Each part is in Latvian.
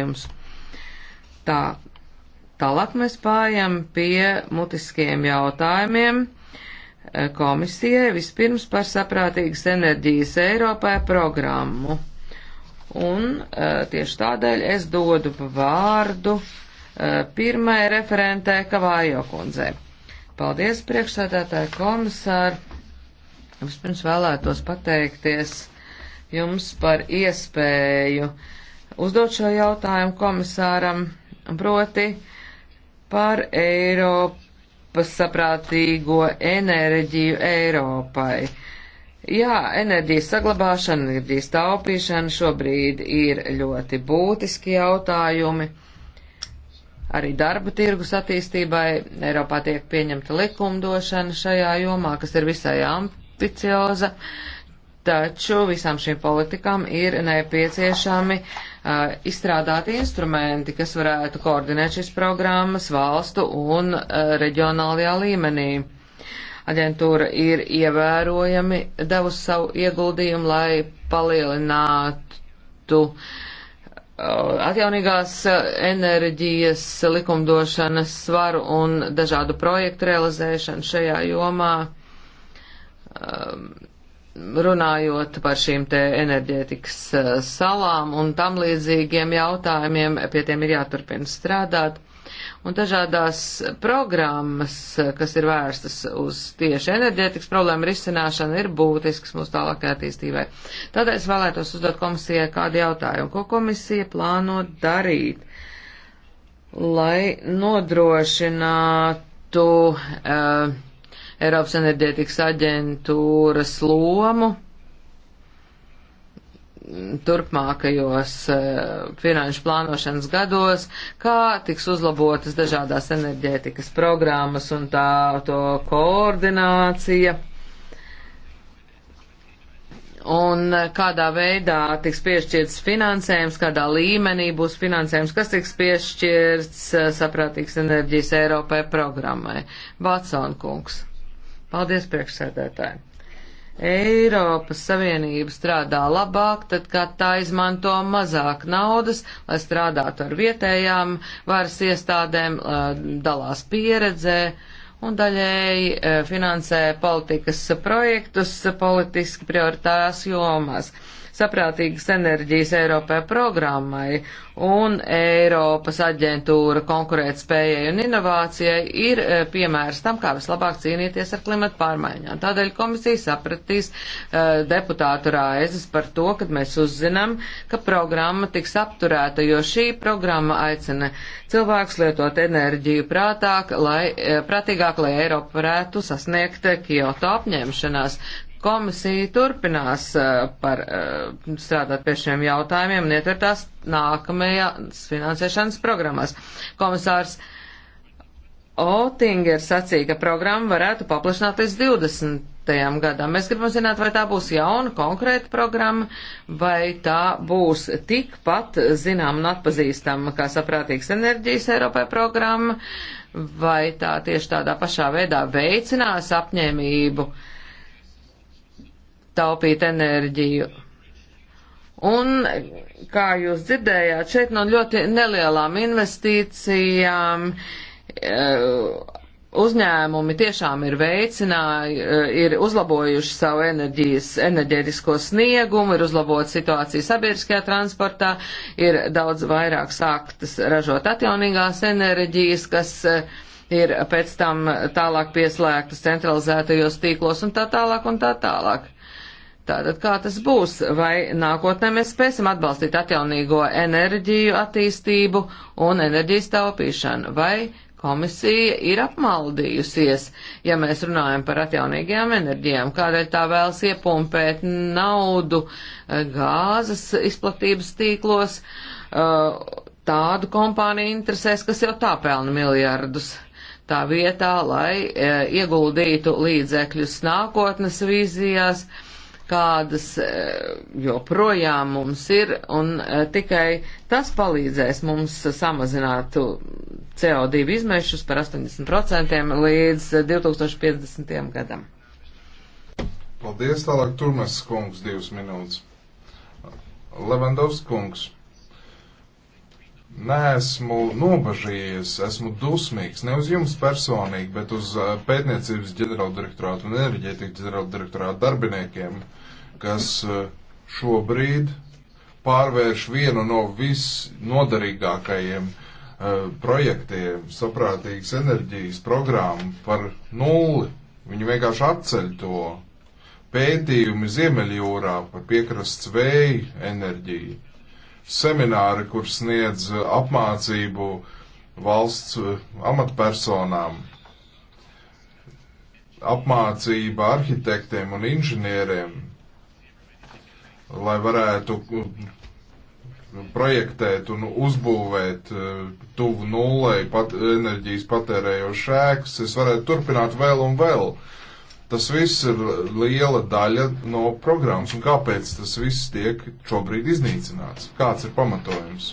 jums. Tā, tālāk mēs pārējām pie mutiskiem jautājumiem e, komisijai vispirms par saprātīgas enerģijas Eiropai programmu. Un e, tieši tādēļ es dodu vārdu e, pirmai referentē Kavājo kundzei. Paldies, priekšsēdētāji komisāri. Vispirms vēlētos pateikties jums par iespēju uh, uzdot šo jautājumu komisāram, proti par Eiropas saprātīgo enerģiju Eiropai. Jā, enerģijas saglabāšana, enerģijas taupīšana šobrīd ir ļoti būtiski jautājumi. Arī darba tirgus attīstībai Eiropā tiek pieņemta likumdošana šajā jomā, kas ir visai ambicioza, taču visām šīm politikām ir nepieciešami uh, Eh, izstrādāti instrumenti, kas varētu koordinēt šīs programmas valstu un eh, reģionālajā līmenī. Aģentūra ir ievērojami devusi savu ieguldījumu, lai palielinātu eh, atjaunīgās enerģijas likumdošanas svaru un dažādu projektu realizēšanu šajā jomā. Um, runājot par šīm te enerģētikas eh, salām un tam līdzīgiem jautājumiem, pie tiem ir jāturpina strādāt. Un dažādās programmas, eh, kas ir vērstas uz tieši enerģētikas problēmu risināšanu, ir būtisks mūsu tālākajai attīstībai. Tādēļ es vēlētos uzdot komisijai kādu jautājumu. Ko komisija plāno darīt, lai nodrošinātu uh, Eiropas enerģētikas aģentūras lomu turpmākajos eh, finanšu plānošanas gados, kā tiks uzlabotas dažādās enerģētikas programmas un tā to koordinācija. Un eh, kādā veidā tiks piešķirts finansējums, kādā līmenī būs finansējums, kas tiks piešķirts eh, saprātīgs enerģijas Eiropai programmai. Vatsonkungs. kungs. Paldies, priekšsēdētāji! Eiropas Savienība strādā labāk, tad, kad tā izmanto mazāk naudas, lai strādātu ar vietējām varas iestādēm, dalās pieredzē un daļēji e, finansē politikas projektus politiski prioritārās jomās saprātīgas enerģijas Eiropai programmai un Eiropas aģentūra konkurētspējai un inovācijai ir e, piemērs tam, kā vislabāk cīnīties ar klimatu pārmaiņām. Tādēļ komisija sapratīs uh, deputātu raizes par to, kad mēs uzzinām, ka programma tiks apturēta, jo šī programma aicina cilvēks lietot enerģiju prātāk, lai, e, prātīgāk, lai Eiropa varētu sasniegt Kyoto apņemšanās. Komisija turpinās eh, par, eh, strādāt pie šiem jautājumiem un ietvertās nākamajās finansēšanas programmās. Komisārs Otingers sacīja, ka programma varētu paplašināt līdz 20 tajām gadām. Mēs gribam zināt, vai tā būs jauna konkrēta programma, vai tā būs tikpat zinām un atpazīstama kā saprātīgs enerģijas Eiropai programma, vai tā tieši tādā pašā veidā veicinās apņēmību uh, taupīt enerģiju. Un, kā jūs dzirdējāt, šeit no ļoti nelielām investīcijām e, uzņēmumi tiešām ir veicināju, e, ir uzlabojuši savu enerģijas, enerģētisko sniegumu, ir uzlabota situācija sabiedriskajā transportā, ir daudz vairāk sāktas ražot atjaunīgās enerģijas, kas e, ir pēc tam tālāk pieslēgtas centralizētajos tīklos un tā tālāk un tā tālāk. Tā tālāk. Tātad, kā tas būs, vai nākotnē mēs spēsim atbalstīt atjaunīgo enerģiju attīstību un enerģijas taupīšanu, vai komisija ir apmaldījusies, ja mēs runājam par atjaunīgajām enerģijām, kādēļ tā vēlas iepumpēt naudu eh, gāzes izplatības tīklos eh, tādu kompāniju interesēs, kas jau tā pelna miljardus tā vietā, lai eh, ieguldītu līdzekļus nākotnes vīzijās kādas e, joprojām mums ir, un e, tikai tas palīdzēs mums samazināt CO2 izmešus par 80% līdz 2050. gadam. Paldies, tālāk Turmes kungs, divas minūtes. Levandovs kungs. Nesmu nobažījies, esmu dusmīgs, ne uz jums personīgi, bet uz e, pētniecības ģenerāldirektorātu un enerģētikas ģenerāldirektorātu darbiniekiem. Uh, kas eh, šobrīd pārvērš vienu no visnodarīgākajiem uh, eh, projektiem, saprātīgas enerģijas programmu par nulli. Viņi vienkārši atceļ to pētījumi Ziemeļjūrā par piekrasts vēju enerģiju, semināri, kur sniedz eh, apmācību valsts amatpersonām, apmācība arhitektiem un inženieriem, lai varētu uh, projektēt un uzbūvēt uh, tuvu nulei pat, enerģijas patērējošu ēkas, es varētu turpināt vēl un vēl. Tas viss ir liela daļa no programmas, un kāpēc tas viss tiek šobrīd iznīcināts? Kāds ir pamatojums?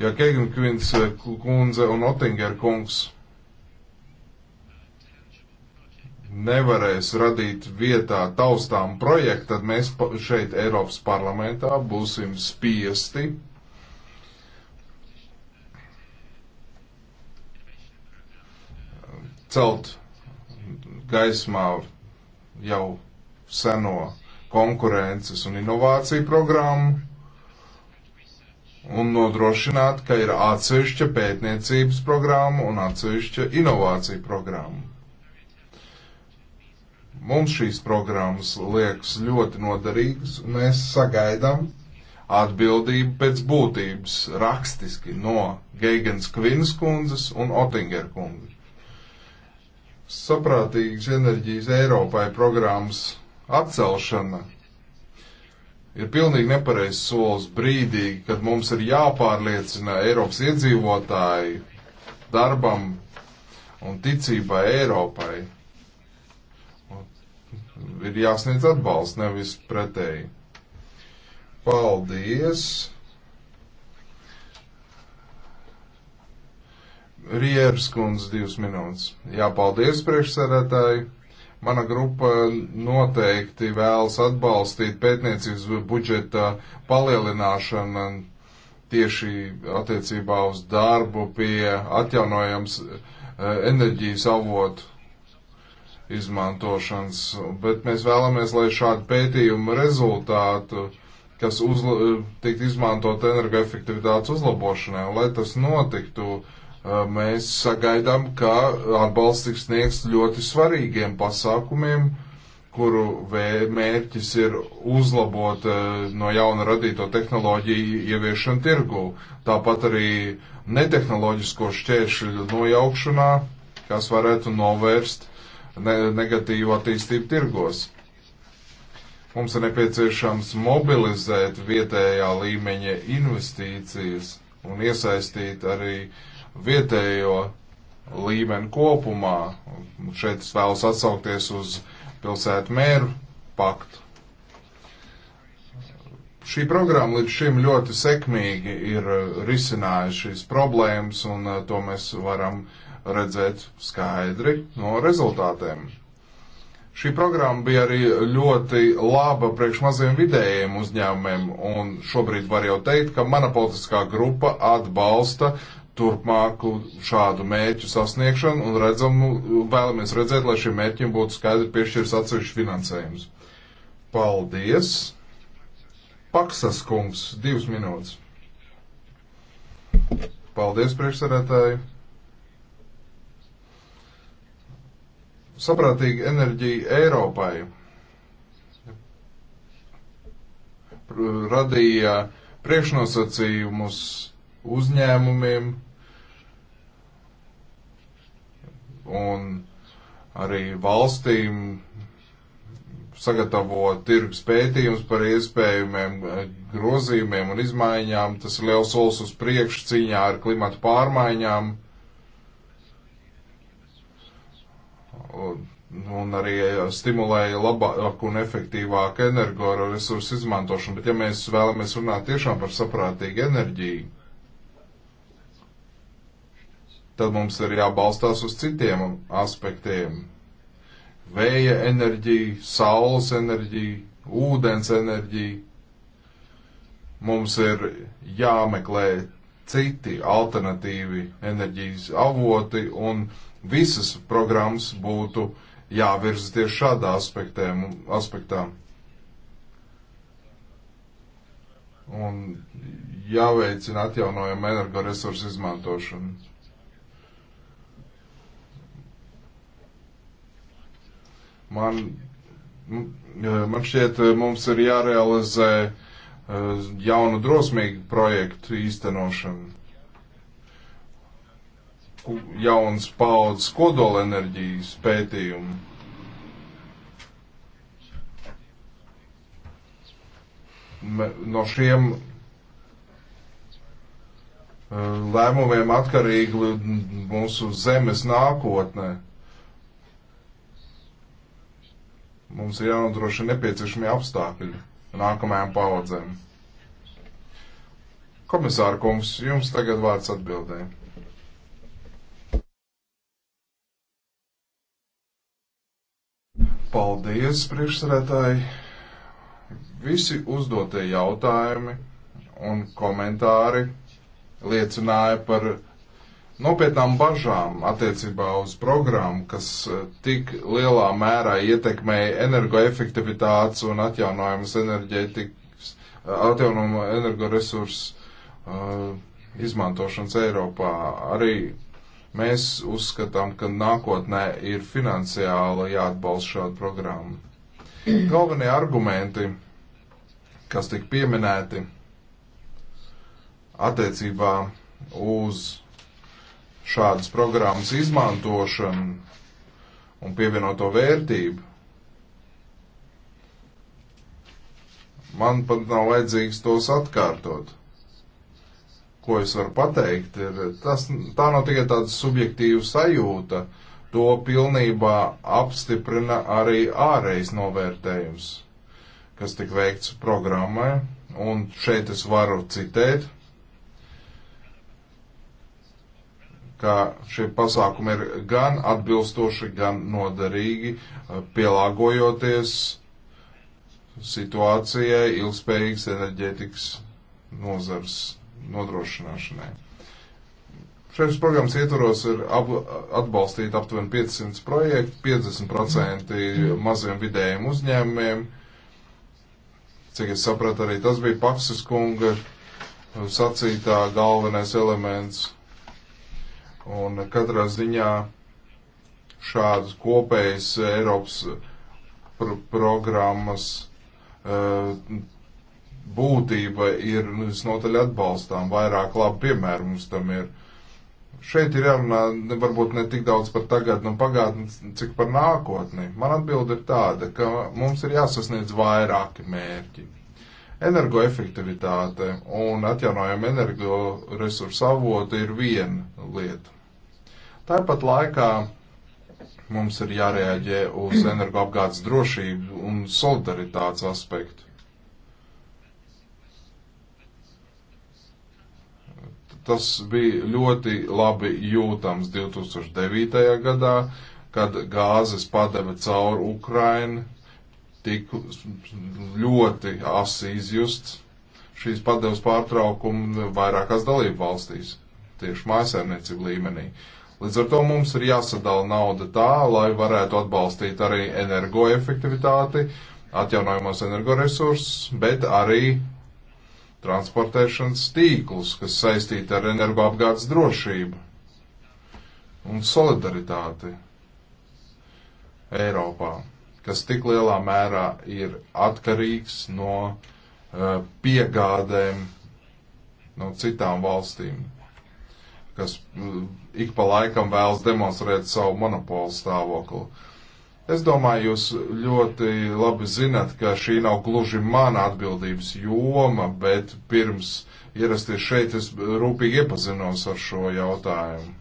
Ja Keigam Kvins uh, kundze un Otinger kungs nevarēs radīt vietā taustām projektu, tad mēs šeit Eiropas parlamentā būsim spiesti celt gaismā jau seno konkurences un inovāciju programmu un nodrošināt, ka ir atsevišķa pētniecības programma un atsevišķa inovācija programma. Mums šīs programmas liekas ļoti noderīgas. Mēs sagaidām atbildību pēc būtības rakstiski no Geigens Kvinas kundzes un Otinger kundzes. Saprātīgas enerģijas Eiropai programmas atcelšana ir pilnīgi nepareizs solis brīdī, kad mums ir jāpārliecina Eiropas iedzīvotāji darbam un ticībai Eiropai ir jāsniedz atbalsts, nevis pretēji. Paldies! Rieras kundze divas minūtes. Jā, paldies priekšsēdētāji. Mana grupa noteikti vēlas atbalstīt pētniecības budžeta palielināšanu tieši attiecībā uz darbu pie atjaunojams eh, enerģijas avotu izmantošanas, bet mēs vēlamies, lai šādu pētījumu rezultātu, kas uzla, tikt izmantot energoefektivitātes uzlabošanai, lai tas notiktu, mēs sagaidām, ka atbalsts tiks sniegts ļoti svarīgiem pasākumiem, kuru mērķis ir uzlabot no jauna radīto tehnoloģiju ieviešanu tirgū. Tāpat arī netehnoloģisko šķēršļu nojaukšanā, kas varētu novērst uh, negatīvu attīstību tirgos. Mums ir nepieciešams mobilizēt vietējā līmeņa investīcijas un iesaistīt arī vietējo līmeni kopumā. Šeit es vēlos atsaukties uz pilsētu mēru paktu. Šī programma līdz šim ļoti sekmīgi ir risinājusi šīs problēmas, un uh, to mēs varam uh, redzēt skaidri no rezultātiem. Šī programma bija arī ļoti laba priekš maziem vidējiem uzņēmumiem, un šobrīd var jau teikt, ka mana politiskā grupa atbalsta turpmāku šādu mērķu sasniegšanu un redzam, vēlamies redzēt, lai šiem mērķiem būtu skaidri piešķirs atsevišķi finansējums. Paldies! Paksas kungs, divas minūtes. Paldies, priekšsarētāji! saprātīgu enerģiju Eiropai radīja priekšnosacījumus uzņēmumiem un arī valstīm sagatavo tirgus pētījums par iespējumiem grozījumiem un izmaiņām. Tas ir liels solis uz priekšu cīņā ar klimatu pārmaiņām. un arī eh, stimulēja labāku un efektīvāku energoresursu izmantošanu. Bet ja mēs vēlamies runāt tiešām par saprātīgu enerģiju, tad mums ir jābalstās uz citiem aspektiem. Vēja enerģija, saules enerģija, ūdens enerģija. Mums ir jāmeklē citi alternatīvi enerģijas avoti un visas programmas būtu uh, jāvirza tieši šādā aspektē, aspektā. Un jāveicina atjaunojama energoresursu izmantošana. Man, man šķiet, mums ir jārealizē eh, jaunu drosmīgu projektu īstenošanu jaunas paudzes kodolenerģijas pētījumu. No šiem e, lēmumiem atkarīgi mūsu zemes nākotnē. Mums ir jānodrošina nepieciešamie apstākļi nākamajām paudzēm. Komisāra kungs, jums tagad vārds atbildēja. Paldies, priekšsarētāji! Visi uzdotie jautājumi un komentāri liecināja par nopietnām bažām attiecībā uz programmu, kas eh, tik lielā mērā ietekmēja energoefektivitātes un atjaunojamas enerģētikas, eh, atjaunojumu energoresursu uh, izmantošanas Eiropā. Arī Mēs uzskatām, ka nākotnē ir finansiāli jāatbalsta šāda programma. Galvenie argumenti, kas tika pieminēti attiecībā uz šādas programmas izmantošanu un pievienoto vērtību, man pat nav vajadzīgs tos atkārtot ko es varu pateikt, ir tas, tā nav tikai tāda subjektīva sajūta, to pilnībā apstiprina arī ārējs novērtējums, kas tik veikts programmai, un šeit es varu citēt, ka šie pasākumi ir gan atbilstoši, gan noderīgi, pielāgojoties situācijai ilgspējīgas enerģētikas nozars nodrošināšanai. Šajās programmas ietvaros ir ap, atbalstīti aptuveni 500 projektu, 50% maziem vidējiem uzņēmumiem. Cik es sapratu, arī tas bija Paksas kunga sacītā galvenais elements. Un katrā ziņā šādas kopējas Eiropas pr programmas uh, būtība ir nu, visnotaļ atbalstām, vairāk labi piemēru mums tam ir. Šeit ir jārunā varbūt ne tik daudz par tagadnu un pagātni, cik par nākotni. Man atbilde ir tāda, ka mums ir jāsasniedz vairāki mērķi. Energoefektivitāte un atjaunojama energoresursu avota ir viena lieta. Tāpat laikā mums ir jārēģē uz energoapgādes drošību un solidaritātes aspektu. tas bija ļoti labi jūtams 2009. gadā, kad gāzes padeve cauri Ukraini tik ļoti asi izjusts šīs padevas pārtraukumu vairākās dalību valstīs, tieši mājasēmniecību līmenī. Līdz ar to mums ir jāsadala nauda tā, lai varētu atbalstīt arī energoefektivitāti, atjaunojamos energoresursus, bet arī transportēšanas tīklus, kas saistīti ar energoapgādes drošību un solidaritāti Eiropā, kas tik lielā mērā ir atkarīgs no uh, piegādēm no citām valstīm, kas uh, ik pa laikam vēlas demonstrēt savu monopolu stāvokli. Es domāju, jūs ļoti labi zinat, ka šī nav gluži mana atbildības joma, bet pirms ierasties šeit, es rūpīgi iepazinos ar šo jautājumu.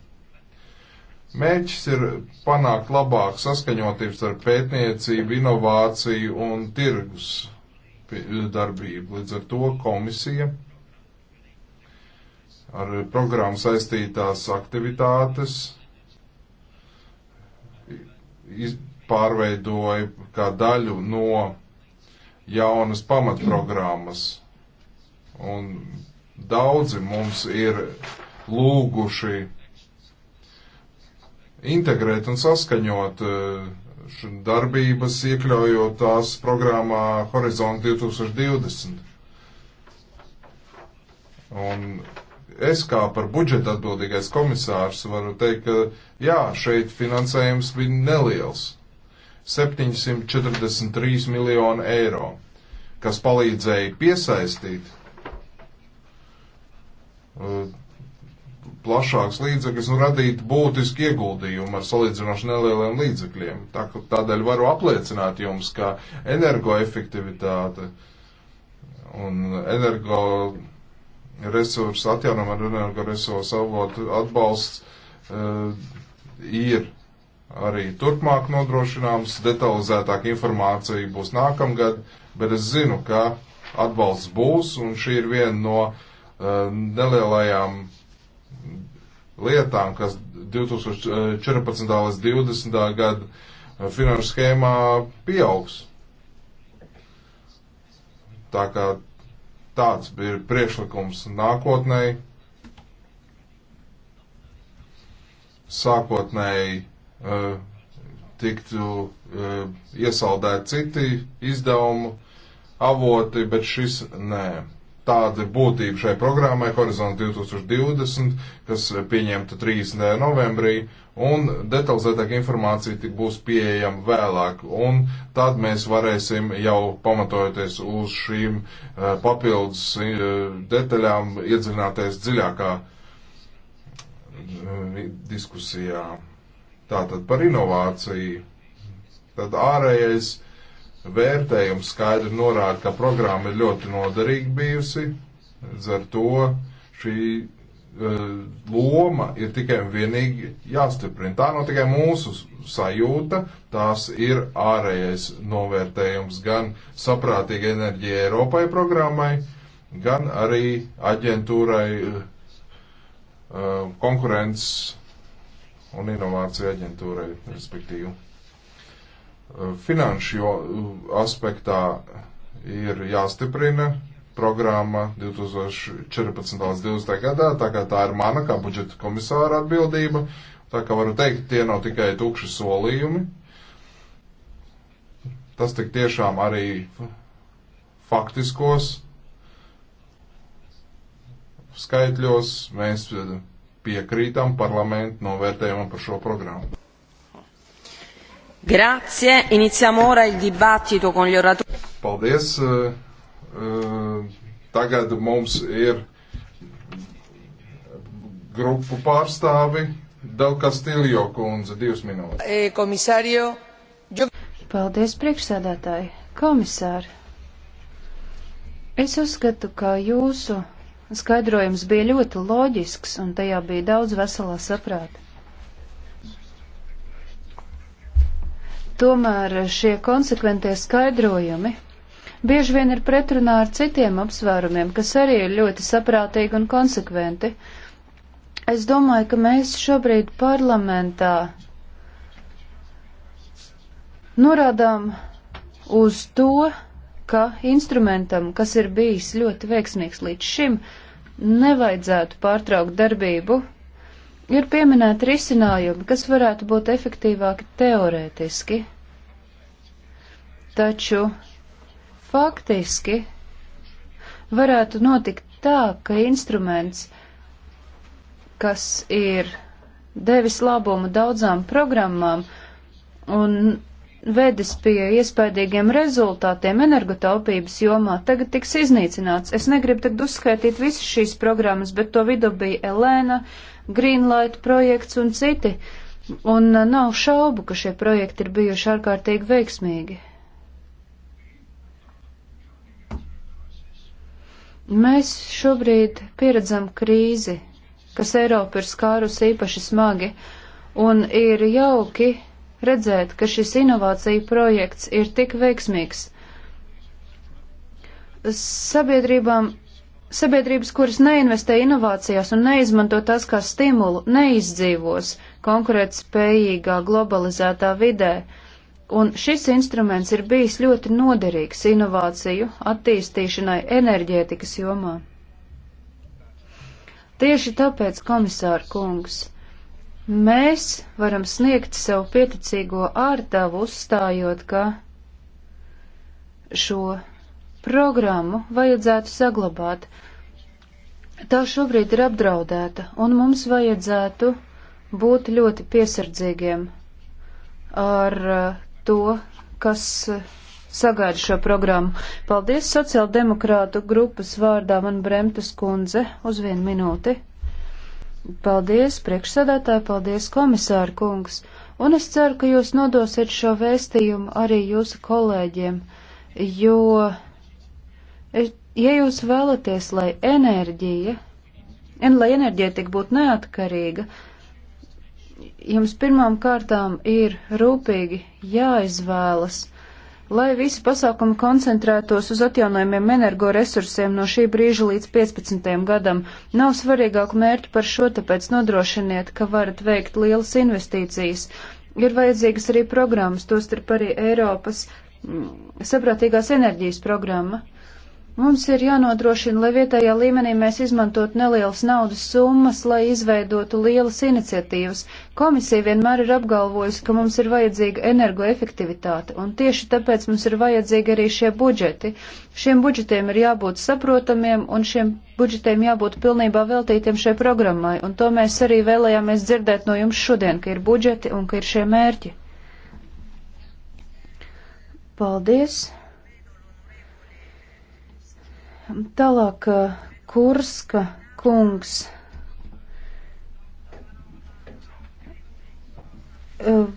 Mērķis ir panākt labāku saskaņotību starp pētniecību, inovāciju un tirgus darbību. Līdz ar to komisija ar programmu saistītās aktivitātes iz, pārveidoja kā daļu no jaunas pamatprogrammas. Un daudzi mums ir lūguši integrēt un saskaņot eh, darbības, iekļaujot tās programmā Horizont 2020. Un es kā par budžeta atbildīgais komisārs varu teikt, ka jā, šeit finansējums bija neliels. 743 miljonu eiro, kas palīdzēja piesaistīt uh, plašāks līdzekļus un radīt būtiski ieguldījumu ar salīdzinoši nelieliem līdzekļiem. Tā, tādēļ varu apliecināt jums, ka energoefektivitāte un energo resursu atjaunam ar energo resursu avotu atbalsts uh, ir arī turpmāk nodrošināms. Detalizētāka informācija būs nākamgad, bet es zinu, ka atbalsts būs, un šī ir viena no uh, nelielajām lietām, kas 2014. Eh, līdz 2020. gada eh, finanšu schēmā pieaugs. Tā kā tāds ir priekšlikums nākotnēji. Sākotnēji Uh, tiktu uh, iesaldēti citi izdevumu avoti, bet šis nē. Tāda ir būtība šai programmai Horizont 2020, kas pieņemta 30. novembrī, un detalizētāka informācija tik būs pieejama vēlāk, un tad mēs varēsim jau pamatojoties uz šīm uh, papildus uh, detaļām iedzināties dziļākā uh, diskusijā. Tātad par inovāciju. Tad ārējais vērtējums skaidri norāda, ka programma ir ļoti noderīga bijusi. Līdz ar to šī uh, loma ir tikai un vienīgi jāstiprina. Tā nav tikai mūsu sajūta, tās ir ārējais novērtējums gan saprātīga enerģija Eiropai programmai, gan arī aģentūrai uh, konkurences un inovāciju aģentūrai, respektīvi. Eh, finanšu aspektā ir jāstiprina programma 2014. līdz 2020. gadā, tā kā tā ir mana kā budžeta komisāra atbildība, tā kā varu teikt, tie nav tikai tukši solījumi. Tas tik tiešām arī faktiskos skaitļos mēs eh, piekrītam parlamentu novērtējumam par šo programmu. Grazie, iniziamo ora il dibattito con gli oratori. Paldies. Eh, eh, tagad mums ir grupu pārstāvi Del Castillo kundze, divas minūtes. Eh, komisārio. Paldies, priekšsēdētāji. Komisāri, es uzskatu, ka jūsu Skaidrojums bija ļoti loģisks, un tajā bija daudz veselā saprāta. Tomēr šie konsekventie skaidrojumi bieži vien ir pretrunā ar citiem apsvērumiem, kas arī ir ļoti saprātīgi un konsekventi. Es domāju, ka mēs šobrīd parlamentā norādām uz to, ka instrumentam, kas ir bijis ļoti veiksmīgs līdz šim, nevajadzētu pārtraukt darbību. Ir pieminēti risinājumi, kas varētu būt efektīvāki teorētiski, taču faktiski varētu notikt tā, ka instruments, kas ir devis labumu daudzām programmām un vedis pie iespaidīgiem rezultātiem energotaupības jomā, tagad tiks iznīcināts. Es negribu tagad uzskaitīt visas šīs programmas, bet to vidu bija Elēna, Greenlight projekts un citi. Un uh, nav šaubu, ka šie projekti ir bijuši ārkārtīgi veiksmīgi. Mēs šobrīd pieredzam krīzi, kas Eiropu ir skārusi īpaši smagi, un ir jauki, redzēt, ka šis inovācija projekts ir tik veiksmīgs. Sabiedrībām, sabiedrības, kuras neinvestē inovācijās un neizmanto tās kā stimulu, neizdzīvos konkurētspējīgā globalizētā vidē. Un šis instruments ir bijis ļoti noderīgs inovāciju attīstīšanai enerģētikas jomā. Tieši tāpēc, komisāra kungs, Mēs varam sniegt sev pieticīgo ārtavu, uzstājot, ka šo programmu vajadzētu saglabāt. Tā šobrīd ir apdraudēta, un mums vajadzētu būt ļoti piesardzīgiem ar uh, to, kas uh, sagaida šo programmu. Paldies sociāldemokrātu grupas vārdā man Bremtas kundze uz vienu minūti. Paldies, priekšsēdētāji, paldies, komisāra kungs, un es ceru, ka jūs nodosiet šo vēstījumu arī jūsu kolēģiem, jo, e, ja jūs vēlaties, lai enerģija, un lai enerģētika būtu neatkarīga, jums pirmām kārtām ir rūpīgi jāizvēlas lai visi pasākumi koncentrētos uz atjaunojumiem energoresursiem no šī brīža līdz 15. gadam. Nav svarīgāku mērķu par šo, tāpēc nodrošiniet, ka varat veikt lielas investīcijas. Ir vajadzīgas arī programmas, tostarp arī Eiropas mm, saprātīgās enerģijas programma. Mums ir jānodrošina, lai vietējā līmenī mēs izmantot nelielas naudas summas, lai izveidotu lielas iniciatīvas. Komisija vienmēr ir apgalvojusi, ka mums ir vajadzīga energoefektivitāte, un tieši tāpēc mums ir vajadzīgi arī šie budžeti. Šiem budžetiem ir jābūt saprotamiem, un šiem budžetiem jābūt pilnībā veltītiem šai programmai, un to mēs arī vēlējāmies dzirdēt no jums šodien, ka ir budžeti un ka ir šie mērķi. Paldies! Tālāk eh, Kurska kungs. Eh,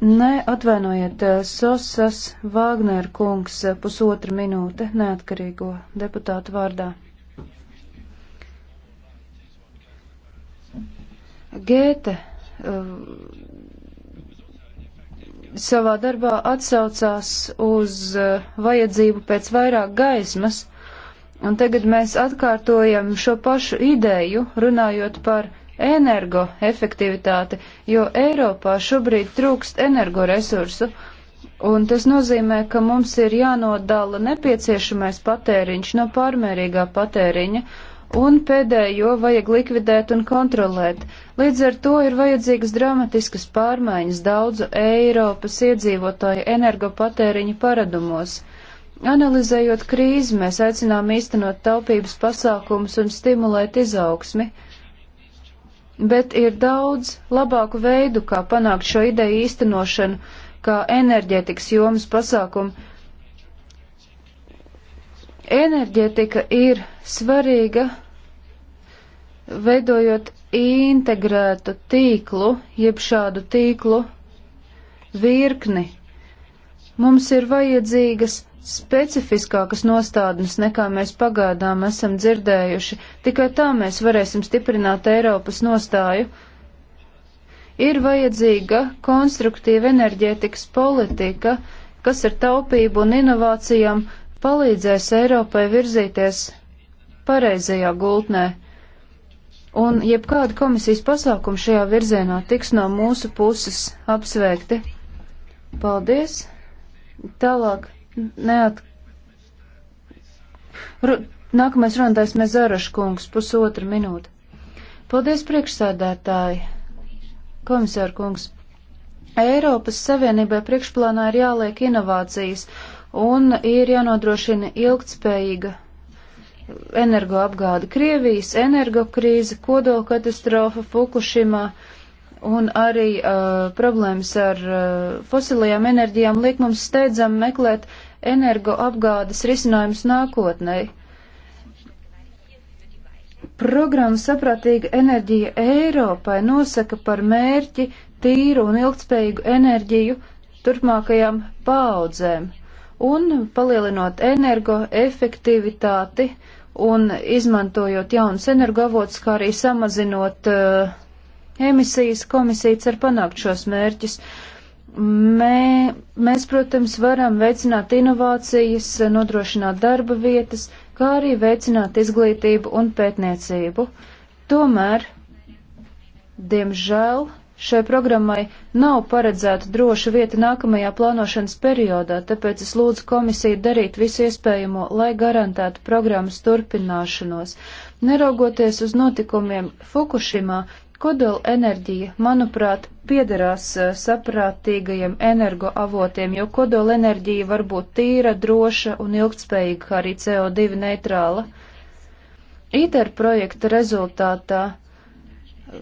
Nē, atvainojiet, eh, Sosas Vāgner kungs pusotra minūte neatkarīgo deputātu vārdā. Gēte savā darbā atsaucās uz vajadzību pēc vairāk gaismas Un tagad mēs atkārtojam šo pašu ideju, runājot par energoefektivitāti, jo Eiropā šobrīd trūkst energoresursu, un tas nozīmē, ka mums ir jānodala nepieciešamais patēriņš no pārmērīgā patēriņa, un pēdējo vajag likvidēt un kontrolēt. Līdz ar to ir vajadzīgas dramatiskas pārmaiņas daudzu Eiropas iedzīvotāju energopatēriņa paradumos. Analizējot krīzi, mēs aicinām īstenot taupības pasākumus un stimulēt izaugsmi, bet ir daudz labāku veidu, kā panākt šo ideju īstenošanu, kā enerģētikas jomas pasākumu. Enerģētika ir svarīga, veidojot integrētu tīklu, jeb šādu tīklu virkni. Mums ir vajadzīgas specifiskākas nostādnes, nekā mēs pagādām esam dzirdējuši. Tikai tā mēs varēsim stiprināt Eiropas nostāju. Ir vajadzīga konstruktīva enerģētikas politika, kas ar taupību un inovācijām palīdzēs Eiropai virzīties pareizajā gultnē. Un jebkāda komisijas pasākuma šajā virzienā tiks no mūsu puses apsveikti. Paldies! Tālāk neat. Ru... Nākamais runātājs Mezaraškungs, pusotra minūte. Paldies priekšsēdētāji, komisāra kungs. Eiropas Savienībai priekšplānā ir jāliek inovācijas un ir jānodrošina ilgtspējīga energoapgāde. Krievijas energokrīze, kodolkatastrofa Fukushimā. katastrofa un arī uh, problēmas ar uh, fosilajām enerģijām liek mums steidzam meklēt energoapgādes risinājumus nākotnē. Programma Saprātīga enerģija Eiropai nosaka par mērķi tīru un ilgtspējīgu enerģiju turpmākajām paudzēm un palielinot energoefektivitāti un izmantojot jaunus energoavotus, kā arī samazinot uh, emisijas komisija cer panākt šos mērķus. Mē, mēs, protams, varam veicināt inovācijas, nodrošināt darba vietas, kā arī veicināt izglītību un pētniecību. Tomēr, diemžēl, šai programmai nav paredzēta droša vieta nākamajā plānošanas periodā, tāpēc es lūdzu komisiju darīt visu iespējamo, lai garantētu programmas turpināšanos. Neraugoties uz notikumiem Fukushimā, Kodola enerģija, manuprāt, piederās eh, saprātīgajiem energoavotiem, jo kodola enerģija var būt tīra, droša un ilgtspējīga, kā arī CO2 neitrāla. ITER projekta rezultātā eh,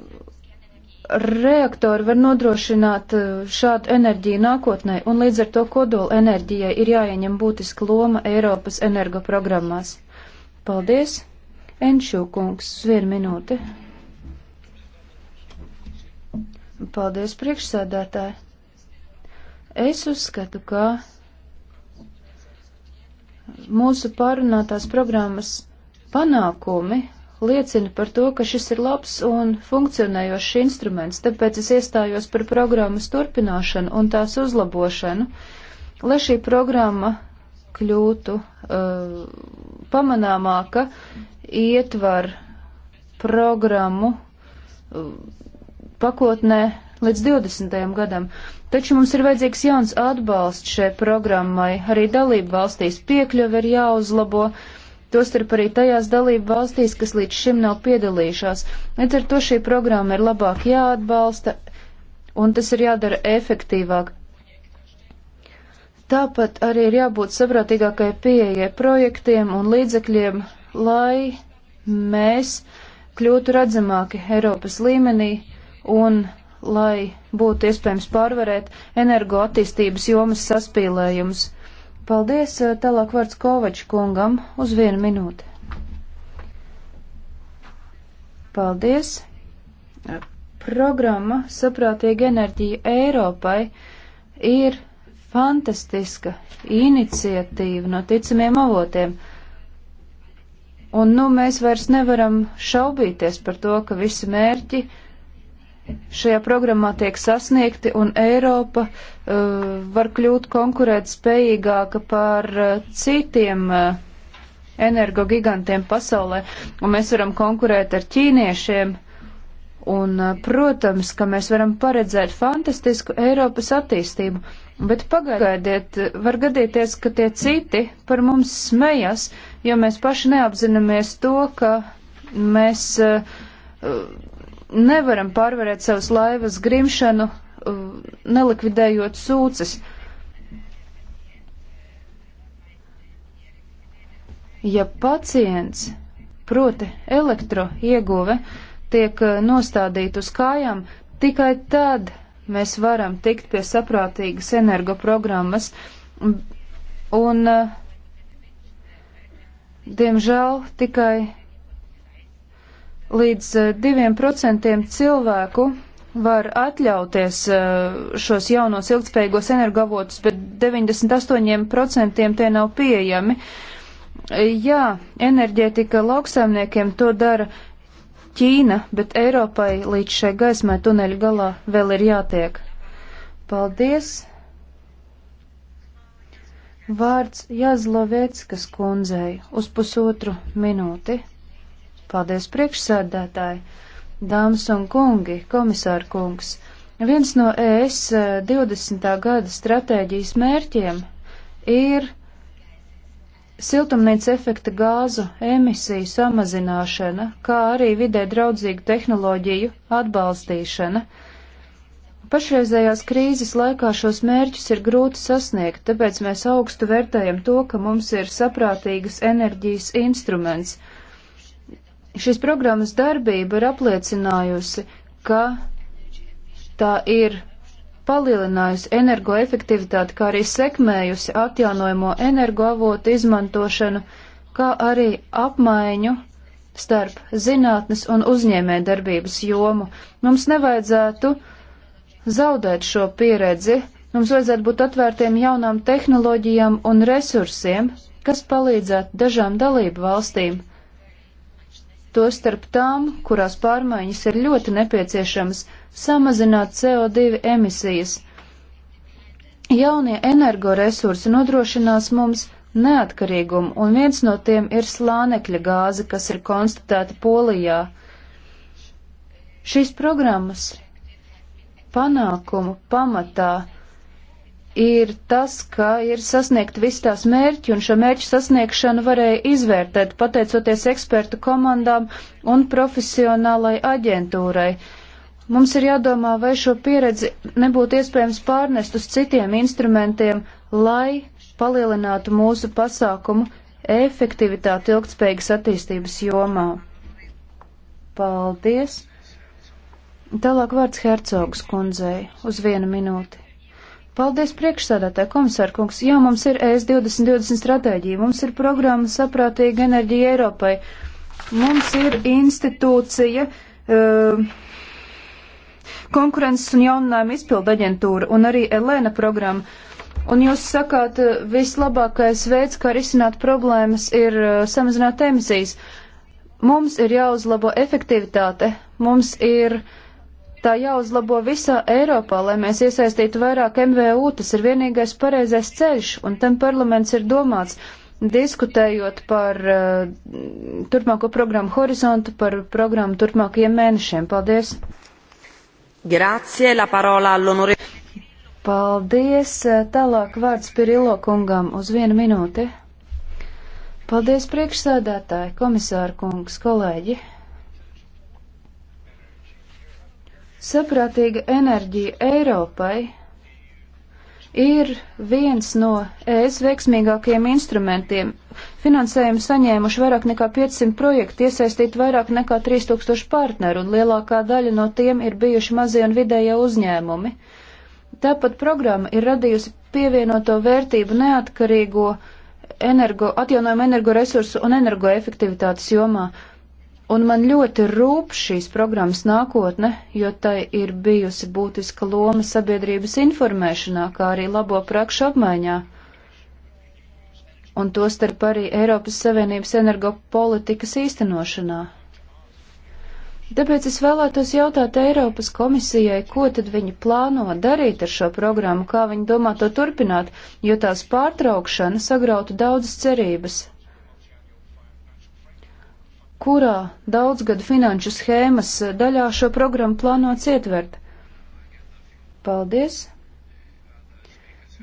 reaktori var nodrošināt eh, šādu enerģiju nākotnē, un līdz ar to kodola enerģijai ir jāieņem būtiska loma Eiropas energoprogrammās. Paldies! Enšūkungs, vienu minūti. Paldies, priekšsēdētāji. Es uzskatu, ka mūsu pārunātās programmas panākumi liecina par to, ka šis ir labs un funkcionējošs instruments, tāpēc es iestājos par programmas turpināšanu un tās uzlabošanu, lai šī programma kļūtu uh, pamanāmāka, ietver programmu uh, pakotnē līdz 20. gadam. Taču mums ir vajadzīgs jauns atbalsts šai programmai, arī dalību valstīs piekļuvi ir jāuzlabo, tostarp arī tajās dalību valstīs, kas līdz šim nav piedalījušās. Līdz ar to šī programma ir labāk jāatbalsta, un tas ir jādara efektīvāk. Tāpat arī ir jābūt saprātīgākai pieejai projektiem un līdzekļiem, lai mēs kļūtu redzamāki Eiropas līmenī un lai būtu iespējams pārvarēt energoattīstības jomas saspīlējumus. Paldies, eh, tālāk vārds Kovaču kungam uz vienu minūti. Paldies. Eh, Programma Saprātīga enerģija Eiropai ir fantastiska iniciatīva no ticamiem avotiem. Un nu mēs vairs nevaram šaubīties par to, ka visi mērķi šajā programmā tiek sasniegti un Eiropa uh, var kļūt konkurēt spējīgāka par uh, citiem uh, energogigantiem pasaulē, un mēs varam konkurēt ar ķīniešiem. Un, uh, protams, ka mēs varam paredzēt fantastisku Eiropas attīstību, bet pagaidiet, var gadīties, ka tie citi par mums smejas, jo mēs paši neapzināmies to, ka mēs uh, nevaram pārvarēt savas laivas grimšanu, uh, nelikvidējot sūces. Ja pacients, proti elektroieguve, tiek uh, nostādīt uz kājām, tikai tad mēs varam tikt pie saprātīgas energoprogrammas. Un, uh, diemžēl, tikai līdz 2% eh, cilvēku var atļauties eh, šos jaunos ilgspējīgos energoavotus, bet 98% tie nav pieejami. Jā, enerģētika lauksaimniekiem to dara Ķīna, bet Eiropai līdz šai gaismai tuneļa galā vēl ir jātiek. Paldies! Vārds Jazlovēckas kundzei uz pusotru minūti. Paldies priekšsēdētāji, dāmas un kungi, komisāra kungs. Viens no e eh, ES 20. gada stratēģijas mērķiem ir siltumnīca efekta gāzu emisiju samazināšana, kā arī vidē draudzīgu tehnoloģiju atbalstīšana. Pašreizējās krīzes laikā šos mērķus ir grūti sasniegt, tāpēc mēs augstu vērtējam to, ka mums ir saprātīgas enerģijas instruments, Šīs programmas darbība ir apliecinājusi, ka tā ir palielinājusi energoefektivitāti, kā arī sekmējusi atjaunojamo energoavotu izmantošanu, kā arī apmaiņu starp zinātnes un uzņēmē darbības jomu. Mums nevajadzētu zaudēt šo pieredzi, mums vajadzētu būt atvērtiem jaunām tehnoloģijām un resursiem, kas palīdzētu dažām dalību valstīm tostarp tām, kurās pārmaiņas ir ļoti nepieciešamas, samazināt CO2 emisijas. Jaunie energoresursi nodrošinās mums neatkarīgumu, un viens no tiem ir slānekļa gāze, kas ir konstatēta Polijā. Šīs programmas panākumu pamatā ir tas, ka ir sasniegt visi tās mērķi, un šo mērķu sasniegšanu varēja izvērtēt pateicoties ekspertu komandām un profesionālai aģentūrai. Mums ir jādomā, vai šo pieredzi nebūtu iespējams pārnest uz citiem instrumentiem, lai palielinātu mūsu pasākumu efektivitāti ilgtspējīgas attīstības jomā. Paldies! Tālāk vārds Hercogs kundzei uz vienu minūti. Paldies priekšsādātāji, komisār kungs. Jā, mums ir e ES 2020 stratēģija, mums ir programma saprātīga enerģija Eiropai, mums ir institūcija, uh, konkurences un jauninājuma izpilda aģentūra un arī Elēna programma. Un jūs sakāt, uh, vislabākais veids, kā risināt problēmas, ir uh, samazināt emisijas. Mums ir jāuzlabo efektivitāte, mums ir uh, Tā jāuzlabo visā Eiropā, lai mēs iesaistītu vairāk MVU, tas ir vienīgais pareizais ceļš, un tam parlaments ir domāts diskutējot par uh, turpmāko programmu horizontu, par programmu turpmākajiem mēnešiem. Paldies! Grazie, la parola all'onore. Paldies! Eh, tālāk vārds Pirilo kungam uz vienu minūti. Paldies priekšsēdētāji, komisāra kungs, kolēģi! Saprātīga enerģija Eiropai ir viens no ES veiksmīgākajiem instrumentiem. Finansējumu saņēmuši vairāk nekā 500 projektu, iesaistīt vairāk nekā 3000 partneru, un lielākā daļa no tiem ir bijuši mazie un vidējie uzņēmumi. Tāpat programma ir radījusi pievienoto vērtību neatkarīgo energo, atjaunojumu energoresursu un energoefektivitātes jomā. Un man ļoti rūp šīs programmas nākotne, jo tai ir bijusi būtiska loma sabiedrības informēšanā, kā arī labo prakšu apmaiņā. Un to starp arī Eiropas Savienības energopolitikas īstenošanā. Tāpēc es vēlētos jautāt Eiropas komisijai, ko tad viņi plāno darīt ar šo programmu, kā viņi domā to turpināt, jo tās pārtraukšana sagrautu daudzas cerības kurā daudzgadu finanšu schēmas daļā šo programmu plānots ietvert. Paldies!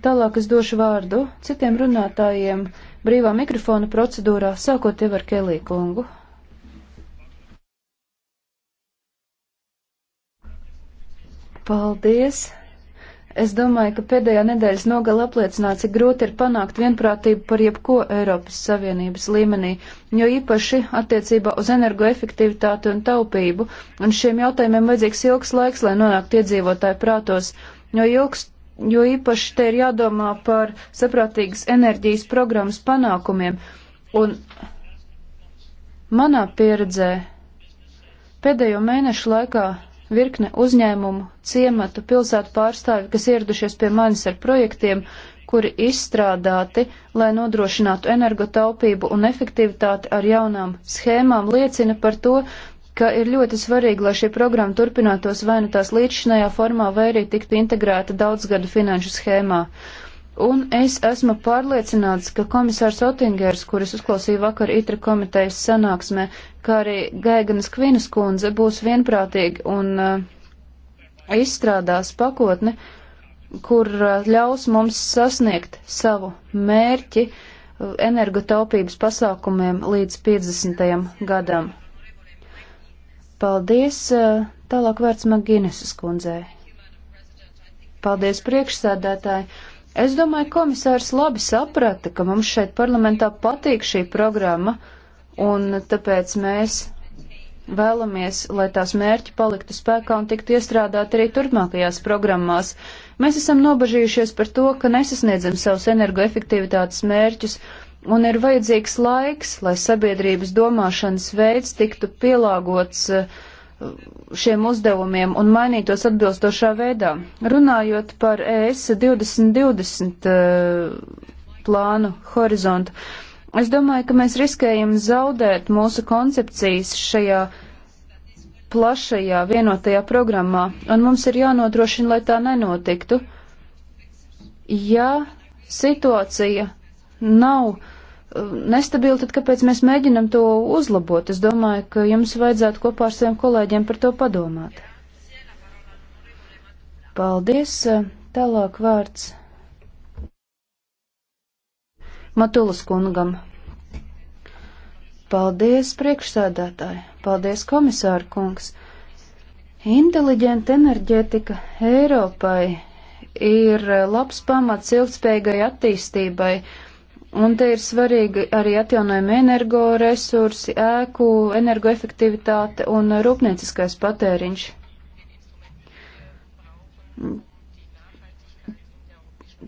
Tālāk es došu vārdu citiem runātājiem brīvā mikrofona procedūrā, sākot jau ar Kelī kungu. Paldies! Es domāju, ka pēdējā nedēļas nogala apliecināts, cik grūti ir panākt vienprātību par jebko Eiropas Savienības līmenī, jo īpaši attiecībā uz energoefektivitāti un taupību, un šiem jautājumiem vajadzīgs ilgs laiks, lai nonāktu iedzīvotāju prātos, jo ilgs jo īpaši te ir jādomā par saprātīgas enerģijas programmas panākumiem. Un manā pieredzē pēdējo mēnešu laikā virkne uzņēmumu, ciematu, pilsētu pārstāvi, kas ieradušies pie manis ar projektiem, kuri izstrādāti, lai nodrošinātu energotaupību un efektivitāti ar jaunām schēmām, liecina par to, ka ir ļoti svarīgi, lai šī programma turpinātos vai nu tās līdzšinējā formā, vai arī tiktu integrēta daudzgadu finanšu schēmā. Un es esmu pārliecināts, ka komisārs Otingers, kuris uzklausīja vakar itra komitejas sanāksmē, kā arī Gaiganas Kvinas kundze būs vienprātīgi un uh, izstrādās pakotni, kur uh, ļaus mums sasniegt savu mērķi uh, energotaupības pasākumiem līdz 50. gadam. Paldies, uh, tālāk vērts Maginesas kundzei. Paldies priekšsēdētāji. Es domāju, komisārs labi saprata, ka mums šeit parlamentā patīk šī programma, un tāpēc mēs vēlamies, lai tās mērķi paliktu spēkā un tiktu iestrādāti arī turpmākajās programmās. Mēs esam nobažījušies par to, ka nesasniedzam savus energoefektivitātes mērķus, un ir vajadzīgs laiks, lai sabiedrības domāšanas veids tiktu pielāgots uh, šiem uzdevumiem un mainītos atbilstošā veidā. Runājot par e ES 2020 e, plānu horizontu, es domāju, ka mēs riskējam zaudēt mūsu koncepcijas šajā plašajā vienotajā programmā, un mums ir jānodrošina, lai tā nenotiktu. Ja situācija nav nestabili, tad kāpēc mēs mēģinam to uzlabot? Es domāju, ka jums vajadzētu kopā ar saviem kolēģiem par to padomāt. Paldies. Tālāk vārds Matulas kungam. Paldies, priekšsēdētāji. Paldies, komisāra kungs. Inteliģenta enerģētika Eiropai ir labs pamats ilgspējīgai attīstībai Un te ir svarīgi arī atjaunojami energoresursi, ēku, energoefektivitāte un rūpnieciskais patēriņš.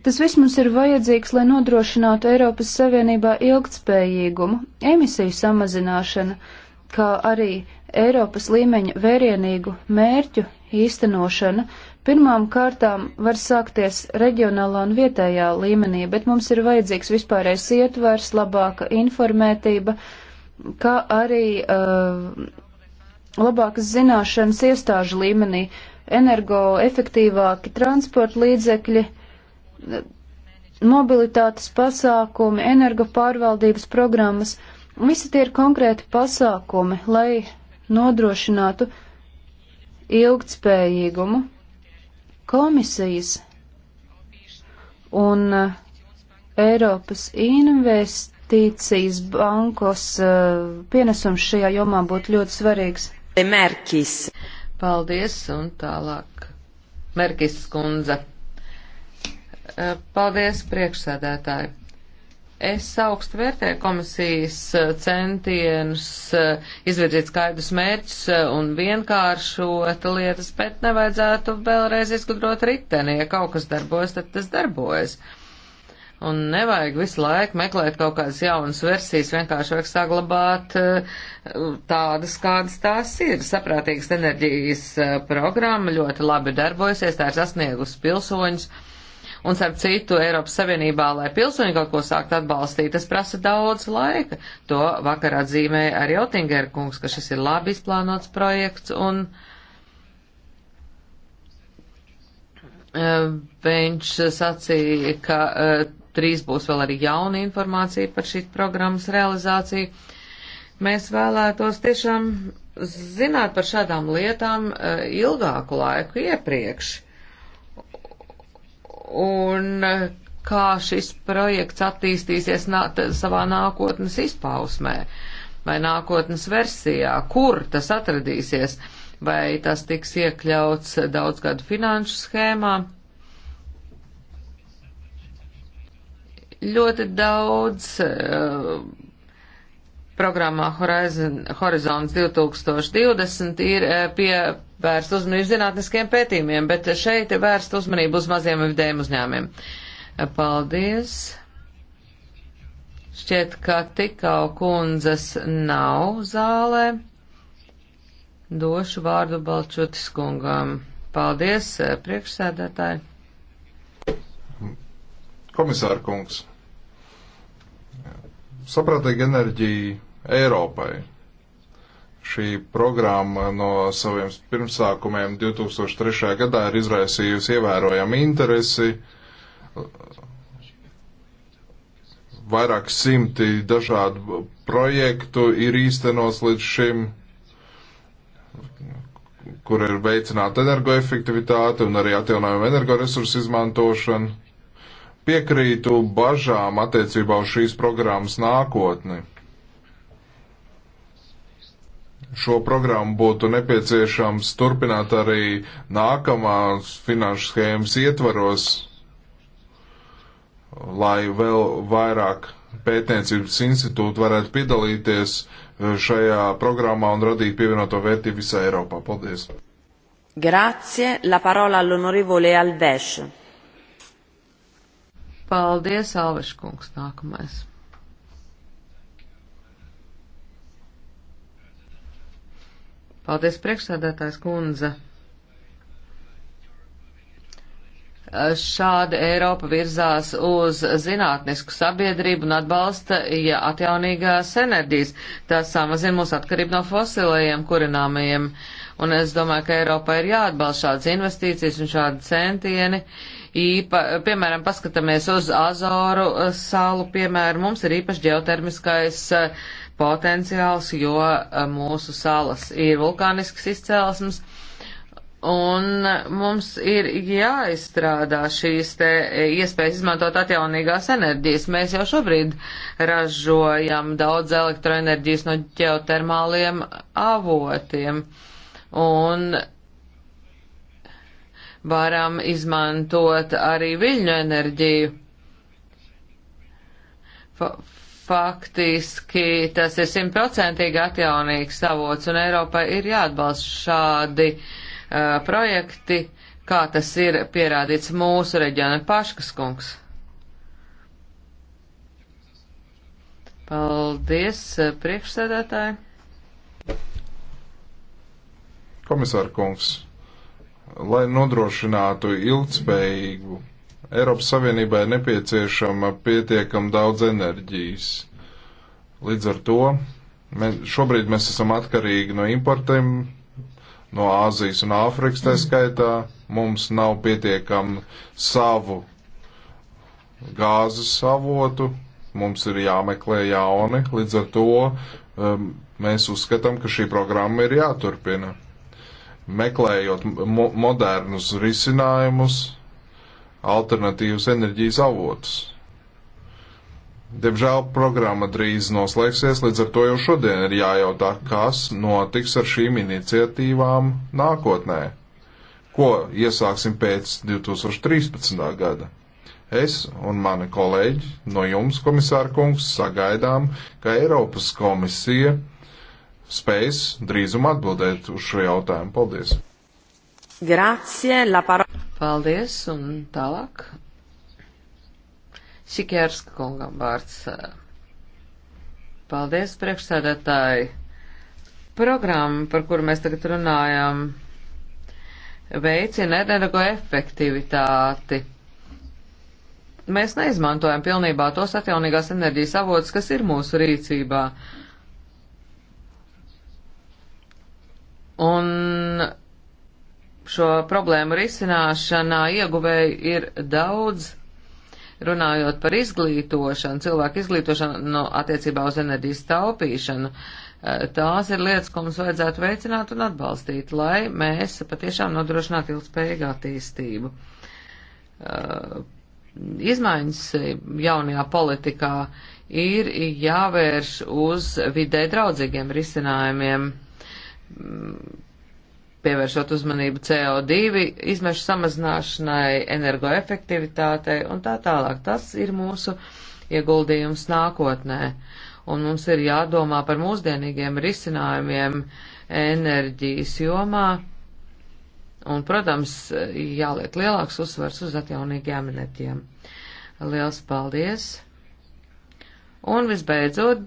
Tas viss mums ir vajadzīgs, lai nodrošinātu Eiropas Savienībā ilgtspējīgumu, emisiju samazināšanu, kā arī Eiropas līmeņa vērienīgu mērķu īstenošana, Pirmām kārtām var sākties reģionālā un vietējā līmenī, bet mums ir vajadzīgs vispārējais ietvers, labāka informētība, kā arī uh, labākas zināšanas iestāžu līmenī, energoefektīvāki transporta līdzekļi, mobilitātes pasākumi, energopārvaldības programmas. Visi tie ir konkrēti pasākumi, lai nodrošinātu ilgtspējīgumu komisijas un uh, Eiropas investīcijas bankos uh, pienesums šajā jomā būtu ļoti svarīgs. Merkis. Paldies un tālāk. Merkis skundze. Uh, paldies, priekšsēdētāji. Es augstu vērtēju komisijas eh, centienus eh, izvirzīt skaidrus mērķus eh, un vienkāršot lietas, bet nevajadzētu vēlreiz izgudrot riteni. Ja kaut kas darbojas, tad tas darbojas. Un nevajag visu laiku meklēt kaut kādas jaunas versijas, vienkārši vajag saglabāt tādas, kādas tās ir. Saprātīgas enerģijas programma ļoti labi darbojasies, tā ir sasniegusi pilsoņus Un, starp citu, Eiropas Savienībā, lai pilsoņi kaut ko sākt atbalstīt, tas prasa daudz laika. To vakar atzīmēja arī Otingera kungs, ka šis ir labi izplānots projekts un e, viņš sacīja, ka e, drīz būs vēl arī jauna informācija par šīs programmas realizāciju. Mēs vēlētos tiešām zināt par šādām lietām e, ilgāku laiku iepriekš un kā šis projekts attīstīsies nā, savā nākotnes izpausmē vai nākotnes versijā, kur tas atradīsies, vai tas tiks iekļauts daudzgadu finanšu schēmā. Ļoti daudz uh, programmā Horizons 2020 ir eh, pievērst uzmanību zinātniskiem pētījumiem, bet šeit ir vērst uzmanību uz maziem un vidējiem uzņēmiem. Paldies! Šķiet, ka tikau kundzes nav zālē. Došu vārdu Balčotis kungam. Paldies, eh, priekšsēdētāji! Komisāra kungs, saprātīga enerģija Eiropai. Šī programma no saviem pirmsākumiem 2003. gadā ir izraisījusi ievērojamu interesi. Vairāk simti dažādu projektu ir īstenos līdz šim kur ir veicināta energoefektivitāte un arī atjaunojama energoresursu izmantošana. Piekrītu bažām attiecībā uz šīs programmas nākotni šo programmu būtu nepieciešams turpināt arī nākamās finanšu schēmas ietvaros, lai vēl vairāk pētniecības institūti varētu piedalīties e, šajā programmā un radīt pievienoto vērtību visā Eiropā. Paldies! Grazie, la parola all'onorevole Alveš. Paldies, Alveš kungs, nākamais. Paldies, priekšsēdētājs kundze. Šāda Eiropa virzās uz zinātnisku sabiedrību un atbalsta ja atjaunīgās enerģijas. Tas samazina mūsu atkarību no fosilējiem kurināmajiem. Un es domāju, ka Eiropā ir jāatbalsta šādas investīcijas un šādi centieni. Īpa, piemēram, paskatāmies uz Azoru salu, piemēram, mums ir īpaši ģeotermiskais uh, potenciāls, jo eh, mūsu salas ir vulkānisks izcēlesmes. Un eh, mums ir jāizstrādā šīs te eh, iespējas izmantot atjaunīgās enerģijas. Mēs jau šobrīd ražojam daudz elektroenerģijas no ģeotermāliem avotiem un varam izmantot arī viļņu enerģiju. F faktiski tas ir simtprocentīgi atjaunīgs avots, un Eiropai ir jāatbalsta šādi uh, projekti, kā tas ir pierādīts mūsu reģiona paškaskungs. Paldies, priekšsēdētāji. Komisāra kungs, lai nodrošinātu ilgspējīgu Eiropas Savienībai ir nepieciešama pietiekam daudz enerģijas. Līdz ar to mēs, šobrīd mēs esam atkarīgi no importiem, no Āzijas un Āfrikas tā skaitā. Mums nav pietiekam savu gāzes avotu, mums ir jāmeklē jauni. Līdz ar to um, mēs uzskatām, ka šī programma ir jāturpina. Meklējot mo modernus risinājumus, alternatīvas enerģijas avotus. Diemžēl programma drīz noslēgsies, līdz ar to jau šodien ir jājautā, kas notiks ar šīm iniciatīvām nākotnē, ko iesāksim pēc 2013. gada. Es un mani kolēģi no jums, komisāra kungs, sagaidām, ka Eiropas komisija spēs drīzumā atbildēt uz šo jautājumu. Paldies! Grazie, la parola. Paldies, un tālāk. Šikērska kungam vārds. Paldies, priekšsēdētāji. Programma, par kuru mēs tagad runājam, veicina energoefektivitāti mēs neizmantojam pilnībā tos atjaunīgās enerģijas avotus, kas ir mūsu rīcībā. Un šo problēmu risināšanā ieguvēju ir daudz. Runājot par izglītošanu, cilvēku izglītošanu no attiecībā uz enerģijas taupīšanu, eh, tās ir lietas, ko mums vajadzētu veicināt un atbalstīt, lai mēs patiešām nodrošinātu ilgspējīgu attīstību. Eh, izmaiņas jaunajā politikā ir jāvērš uz vidē draudzīgiem risinājumiem mm, pievēršot uzmanību CO2 izmešu samazināšanai, energoefektivitātei un tā tālāk. Tas ir mūsu ieguldījums nākotnē. Un mums ir jādomā par mūsdienīgiem risinājumiem enerģijas jomā. Un, protams, jāliek lielāks uzsvars uz atjaunīgiem enerģiem. Liels paldies! Un visbeidzot,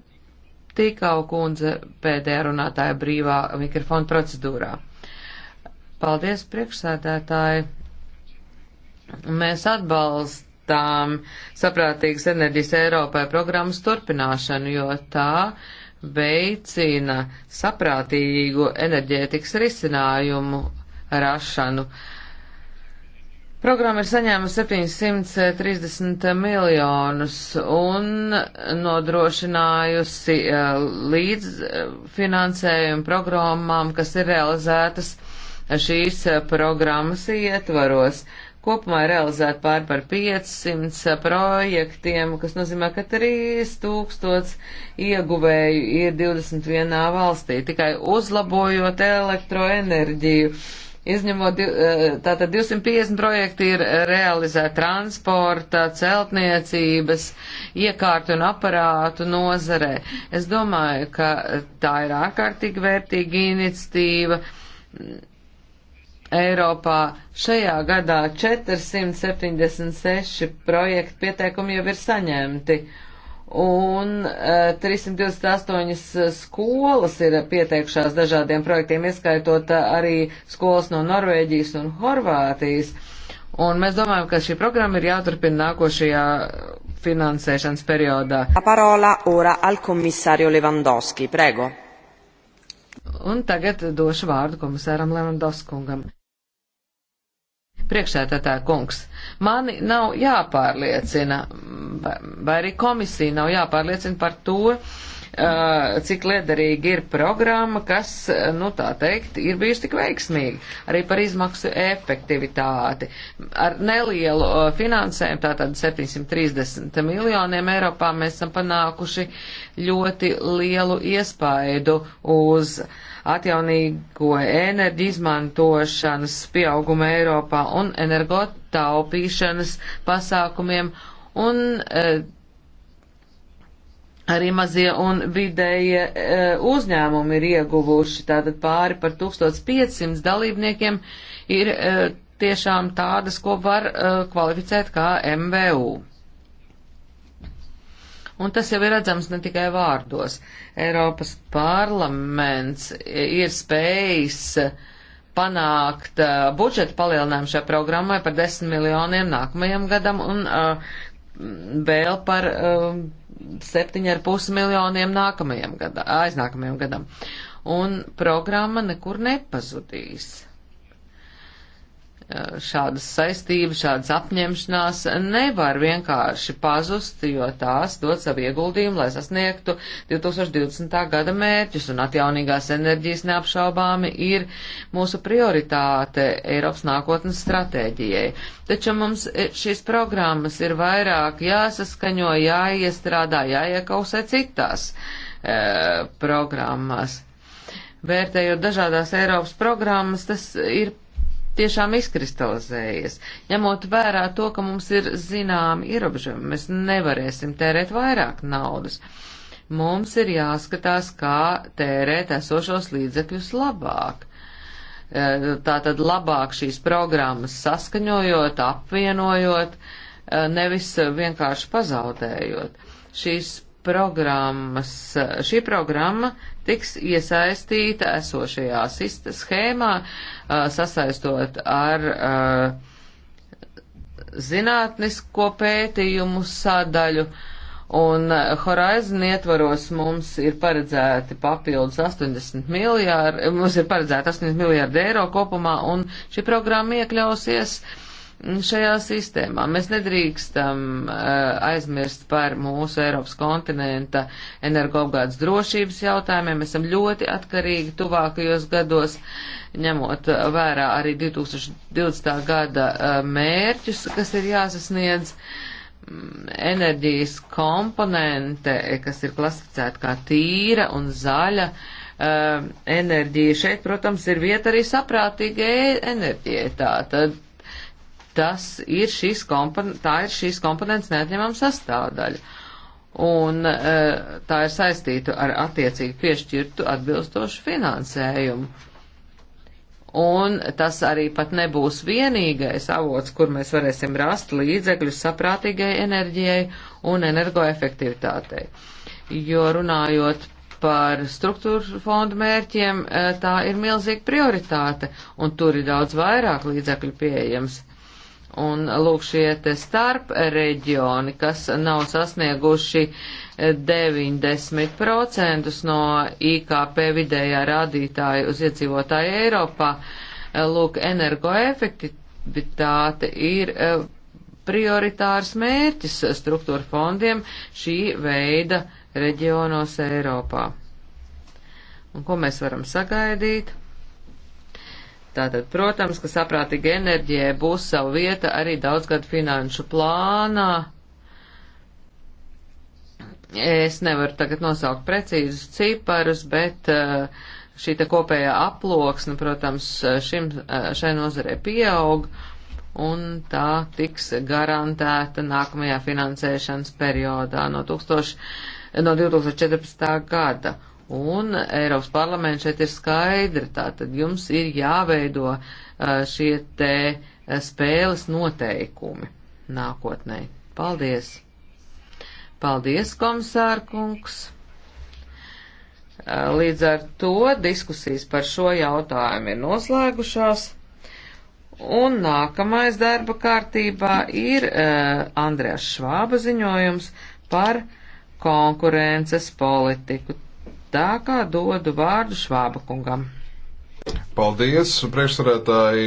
Tīkau kundze pēdējā runātāja brīvā mikrofona procedūrā. Paldies, priekšsēdētāji. Mēs atbalstām saprātīgas enerģijas Eiropai programmas turpināšanu, jo tā veicina saprātīgu enerģētikas risinājumu rašanu. Programma ir saņēmusi 730 miljonus un nodrošinājusi eh, līdzfinansējumu programmām, kas ir realizētas uh, šīs eh, programmas ietvaros. Kopumā realizēt pār par 500 eh, projektiem, kas nozīmē, ka 3000 ieguvēju ir 21 valstī, tikai uzlabojot elektroenerģiju. Izņemot, eh, tātad 250 projekti ir realizēt transporta, celtniecības, iekārtu un aparātu nozarē. Es domāju, ka tā ir ārkārtīgi vērtīga iniciatīva Eiropā šajā gadā 476 projektu pieteikumi jau ir saņemti, un 328 e, skolas ir pieteikšās dažādiem projektiem, ieskaitot e, arī skolas no Norvēģijas un Horvātijas. Un mēs domājam, ka šī programma ir jāturpina nākošajā finansēšanas periodā. La parola ora al komisario Levandowski, prego. Un tagad došu vārdu komisāram Levandowskungam. Priekšsētātā kungs, mani nav jāpārliecina, vai arī komisija nav jāpārliecina par to, cik liederīgi ir programma, kas, nu tā teikt, ir bijusi tik veiksmīga. Arī par izmaksu efektivitāti. Ar nelielu finansējumu, tātad 730 miljoniem Eiropā, mēs esam panākuši ļoti lielu iespaidu uz atjaunīgo enerģiju izmantošanas pieaugumu Eiropā un energotaupīšanas pasākumiem. Un, e, arī mazie un vidējie e, eh, uzņēmumi ir ieguvuši. Tātad pāri par 1500 dalībniekiem ir e, tiešām tādas, ko var e, kvalificēt kā MVU. Un tas jau ir redzams ne tikai vārdos. Eiropas parlaments ir spējis panākt uh, budžeta palielinājumu šai programmai par 10 miljoniem nākamajam gadam un uh, vēl par uh, 7,5 miljoniem nākamajam gadam, aiznākamajam gadam. Un programma nekur nepazudīs šādas saistības, šādas apņemšanās nevar vienkārši pazust, jo tās dod savu ieguldījumu, lai sasniegtu 2020. gada mērķus, un atjaunīgās enerģijas neapšaubāmi ir mūsu prioritāte Eiropas nākotnes stratēģijai. Taču mums e, šīs programmas ir vairāk jāsaskaņo, jāiestrādā, jāiekausē citās e, programmās. Vērtējot dažādās Eiropas programmas, tas ir tiešām izkristalizējies. Ņemot vērā to, ka mums ir zināmi ierobežojumi, mēs nevarēsim tērēt vairāk naudas. Mums ir jāskatās, kā tērēt esošos līdzekļus labāk. E, tātad labāk šīs programmas saskaņojot, apvienojot, e, nevis vienkārši pazaudējot. Šīs programmas, šī programma tiks iesaistīta esošajā schēmā, sasaistot ar zinātnisko pētījumu sadaļu, un Horizon ietvaros mums ir paredzēti papildus 80 miljārdi, mums ir paredzēti 80 miljārdi eiro kopumā, un šī programma iekļausies uh, šajā sistēmā. Mēs nedrīkstam uh, aizmirst par mūsu Eiropas kontinenta energoapgādes drošības jautājumiem. Mēs esam ļoti atkarīgi tuvākajos gados, ņemot vērā arī 2020. gada uh, mērķus, kas ir jāsasniedz. Mm, enerģijas komponente, eh, kas ir klasificēta kā tīra un zaļa, uh, enerģija. Šeit, protams, ir vieta arī saprātīgai enerģijai. Tā tad tas ir šīs komponents, tā ir šīs komponents neatņemama sastāvdaļa. Un e, tā ir saistīta ar attiecīgi piešķirtu atbilstošu finansējumu. Un tas arī pat nebūs vienīgais avots, kur mēs varēsim rast līdzekļus saprātīgai enerģijai un energoefektivitātei. Jo runājot par struktūru fondu mērķiem, e, tā ir milzīga prioritāte, un tur ir daudz vairāk līdzekļu pieejams. Un lūk šie te starp reģioni, kas nav sasnieguši 90% e, no IKP vidējā rādītāja uz iedzīvotāju Eiropā, e, lūk energoefektivitāte ir e, prioritārs mērķis struktūra fondiem šī veida reģionos Eiropā. Un ko mēs varam sagaidīt? Tātad, protams, ka saprātīga enerģija būs sava vieta arī daudzgad finanšu plānā. Es nevaru tagad nosaukt precīzus ciparus, bet eh, šī te kopējā aploksne, protams, šim, eh, šai nozarei pieaug, un tā tiks garantēta nākamajā finansēšanas periodā no, 1000, no 2014. gada Un Eiropas parlaments šeit ir skaidri, tātad jums ir jāveido uh, šie te uh, spēles noteikumi nākotnē. Paldies! Paldies, komisārkungs! Uh, līdz ar to diskusijas par šo jautājumu ir noslēgušās. Un nākamais darba kārtībā ir uh, Andrēs Švāba ziņojums par konkurences politiku. Tā kā dodu vārdu Švāba kungam. Paldies, priekšsarētāji!